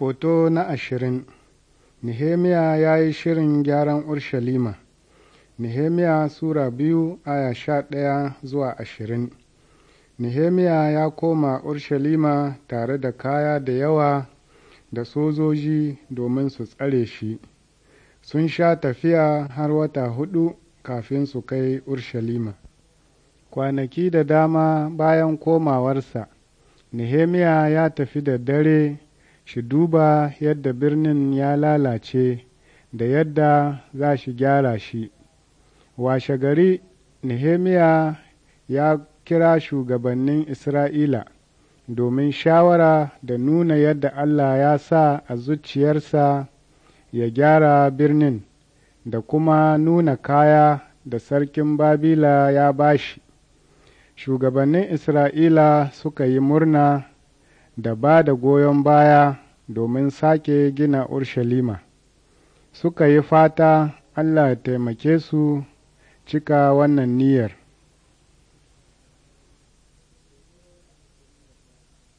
Foto na ashirin Nehemiya ya yi shirin gyaran Urshalima Nehemiya Sura biyu aya sha ɗaya zuwa ashirin Nehemiya ya koma Urshalima tare da kaya da yawa da sojoji domin su tsare shi sun sha tafiya har wata hudu kafin su kai Urshalima kwanaki da dama bayan komawarsa Nehemiya ya tafi da dare shi duba yadda birnin ya lalace da yadda za shi gyara shi washe gari nehemiya ya kira shugabannin isra'ila domin shawara da nuna yadda allah ya sa a zuciyarsa ya gyara birnin da kuma nuna kaya da sarkin babila ya bashi shugabannin isra'ila suka yi murna da ba da goyon baya domin sake gina Urshalima. Suka yi fata Allah ya taimake su cika wannan niyyar.